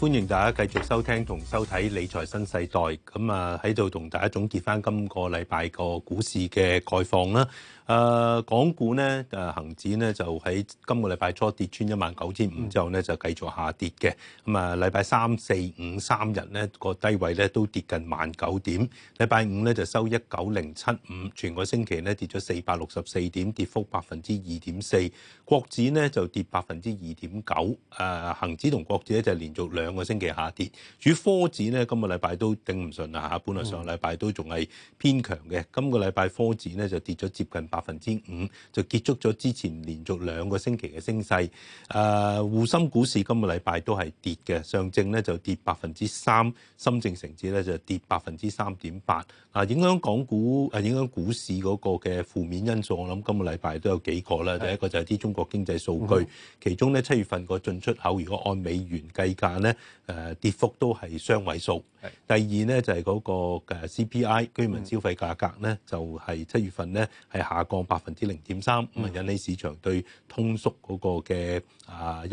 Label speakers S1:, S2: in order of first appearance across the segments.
S1: 歡迎大家繼續收聽同收睇《理財新世代》咁啊，喺度同大家總結返今個禮拜個股市嘅概況啦。誒，港股呢，誒，恒指呢，就喺今個禮拜初跌穿一萬九千五之後呢就繼續下跌嘅。咁啊，禮拜三四五三日呢個低位呢都跌近萬九點。禮拜五呢就收一九零七五，全個星期呢跌咗四百六十四點，跌幅百分之二點四。國指呢就跌百分之二點九。誒，恒指同國指呢就連續兩兩個星期下跌，主科指咧今個禮拜都頂唔順啦嚇，本來上個禮拜都仲係偏強嘅，今個禮拜科指咧就跌咗接近百分之五，就結束咗之前連續兩個星期嘅升勢。誒，滬深股市今個禮拜都係跌嘅，上證咧就跌百分之三，深證成指咧就跌百分之三點八。啊，影響港股誒影響股市嗰個嘅負面因素，我諗今個禮拜都有幾個啦。第一個就係啲中國經濟數據，其中咧七月份個進出口如果按美元計價咧。誒，跌幅都係雙位數。第二呢，就係嗰個 CPI 居民消費價格呢就係七月份呢係下降百分之零點三，咁啊引起市場對通縮嗰個嘅啊憂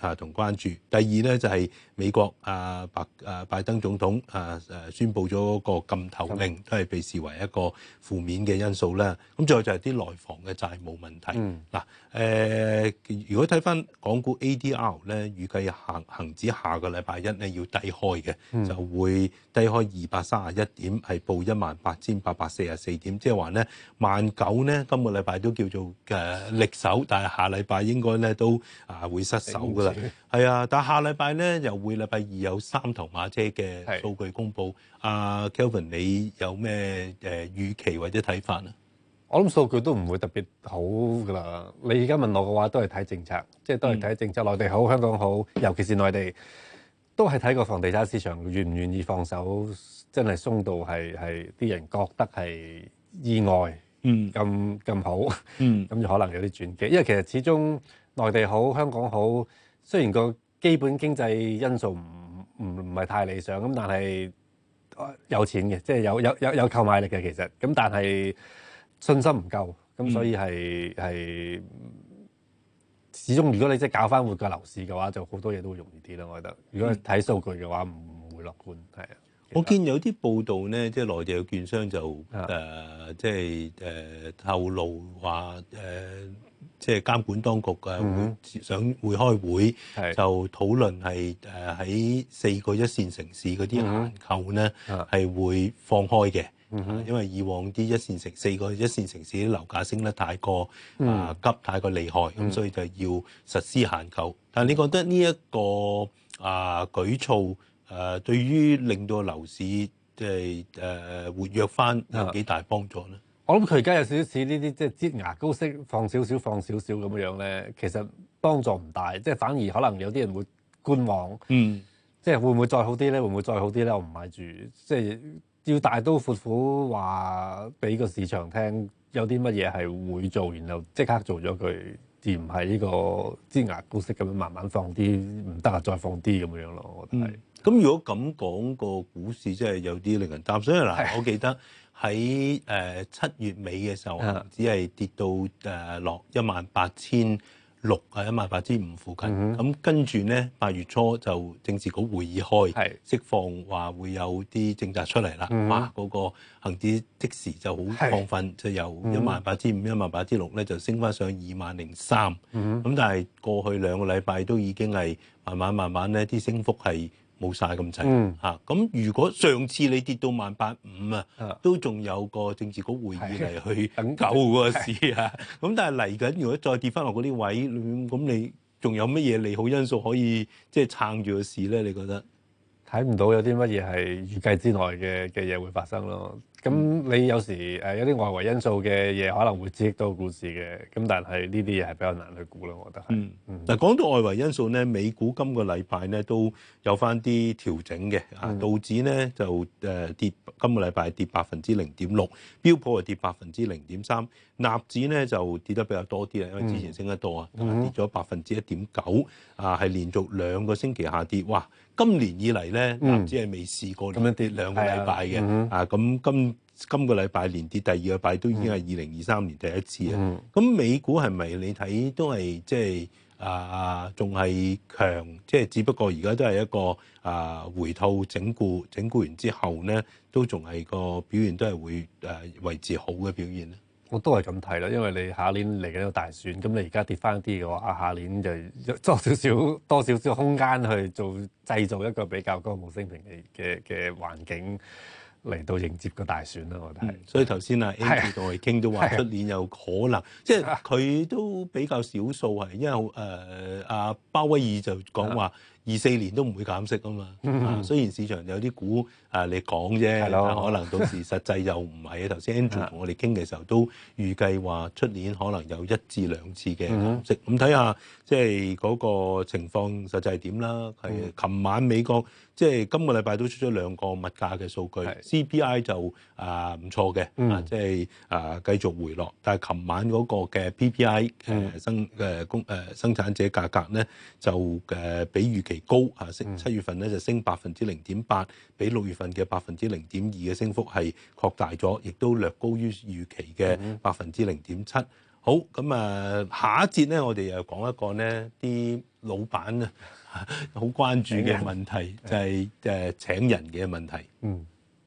S1: 慮同關注。第二呢，就係美國啊白拜登總統啊宣布咗嗰個禁投令，都係被視為一個負面嘅因素啦。咁再就係啲內房嘅債務問題。嗱如果睇翻港股 ADR 咧，預計恆指下，個禮拜一咧要低開嘅，就會低開二百三十一點，係報一萬八千八百四十四點。即係話咧萬九咧，今個禮拜都叫做誒、呃、力守，但係下禮拜應該咧都啊、呃、會失守噶啦，係啊，但係下禮拜咧又會禮拜二有三頭馬車嘅數據公佈，阿 Kelvin、啊、你有咩誒預期或者睇法咧？
S2: 我諗數據都唔會特別好㗎啦。你而家問我嘅話，都係睇政策，即係都係睇政策。內地好，香港好，尤其是內地都係睇個房地產市場願唔願意放手，真係鬆到係係啲人覺得係意外咁咁好，嗯，咁就可能有啲轉機。因為其實始終內地好，香港好，雖然個基本經濟因素唔唔唔係太理想咁，但係有錢嘅，即係有有有有購買力嘅其實咁，但係。信心唔夠，咁所以係係、嗯，始終如果你即係搞翻活搞返活個樓市嘅話，就好多嘢都會容易啲咯。我覺得，如果睇數據嘅話，唔會樂觀，係啊。我見有啲報道呢，即係內地嘅券商就
S1: 誒，即係誒透露話誒，即係監管當局嘅、嗯、會想會開會，就討論係誒喺四個一線城市嗰啲限購呢，係、嗯、會放開嘅。嗯哼，因為以往啲一線城四個一線城市啲樓價升得太過、嗯、啊急太過厲害，咁、嗯、所以就要實施限購。嗯、但係你覺得呢、這、一個啊舉措誒、啊，對於令到樓市即係誒活躍翻
S2: 有幾大幫助咧？我諗佢而家有少少似呢啲即係擠牙膏式放少少放少少咁樣咧，其實幫助唔大，即係反而可能有啲人會觀望，嗯，即係會唔會再好啲咧？會唔會再好啲咧？我唔買住，即係。要大刀闊斧話俾個市場聽，有啲乜嘢係會做，然後即刻做咗佢，而唔係呢個擠牙膏咁樣慢慢放啲，唔得啊，再放啲咁樣咯。我覺得係。咁、嗯、如果咁講，個股市真係有啲令人擔心。嗱，我記得
S1: 喺呃、七月尾嘅時候，只係跌到落一萬八千。呃六係一萬八千五附近，咁、mm -hmm. 跟住咧八月初就政治局會議開，釋放話會有啲政策出嚟啦，mm -hmm. 哇！嗰、嗰個恒指即時就好亢奮，就由一萬八千五、一萬八千六咧就升翻上二萬零三，咁但係過去兩個禮拜都已經係慢慢慢慢咧啲升幅係。冇晒咁滯吓，咁如果上次你跌到萬八五啊，都仲有個政治局會議嚟去等救個市啊，咁但係嚟緊如果再跌翻落嗰啲位，咁你仲有乜嘢利好因素可以即係、就是、撐住個市咧？你覺
S2: 得睇唔到有啲乜嘢係預計之內嘅嘅嘢會發生咯。咁你有時誒有啲外圍因素嘅嘢可能會刺激到股市嘅，咁但係呢啲嘢係比較難去估咯，我覺得係。嗯，嗱講到外圍因素咧，美股今個禮拜咧都有
S1: 翻啲調整嘅，啊、嗯、道指咧就誒跌，今個禮拜跌百分之零點六，標普係跌百分之零點三，納指咧就跌得比較多啲啊，因為之前升得多、嗯、啊，跌咗百分之一點九啊，係連續兩個星期下跌，哇！今年以嚟咧、嗯、納指係未試過咁樣跌兩個禮拜嘅，啊咁今。今個禮拜連跌第二個禮拜都已經係二零二三年第一次啊！咁、嗯嗯、美股係咪你睇都係即係啊，仲、呃、係強？即係只不過而家都係一個啊、呃、回吐整固，整固完之後咧，都仲係個表現都係會誒
S2: 維持好嘅表現咧。我都係咁睇啦，因為你下年嚟緊個大選，咁你而家跌翻啲嘅話，下年就多少少多少少空間去做製造一個比較歌舞升平嘅嘅嘅環境。嚟到迎接個大選啦，我覺得係、嗯。所以
S1: 頭先啊，Andy 同我
S2: 哋傾都話，出年有可能，是啊、即係佢都比較
S1: 少數係、啊，因為誒阿、呃、鮑威爾就講話。說二四年都唔會減息嘛、嗯、啊嘛、嗯，雖然市場有啲股啊你講啫，是的可能到時實際又唔係啊。頭 先 Andrew 同我哋傾嘅時候都預計話出年可能有一至兩次嘅減息，咁、嗯、睇下即係嗰個情況實際係點啦。係、嗯、琴晚美國即係、就是、今個禮拜都出咗兩個物價嘅數據 CPI 就啊唔錯嘅，啊，即係、嗯、啊、就是、啊繼續回落。但係琴晚嗰個嘅 PPI 誒、嗯啊、生誒工誒生產者價格咧就誒、啊、比預期高嚇，七月份咧就升百分之零點八，比六月份嘅百分之零點二嘅升幅係擴大咗，亦都略高於預期嘅百分之零點七。好咁啊，下一節咧，我哋又講一個咧，啲老闆啊好關注嘅問題，就係誒請人嘅問題。嗯。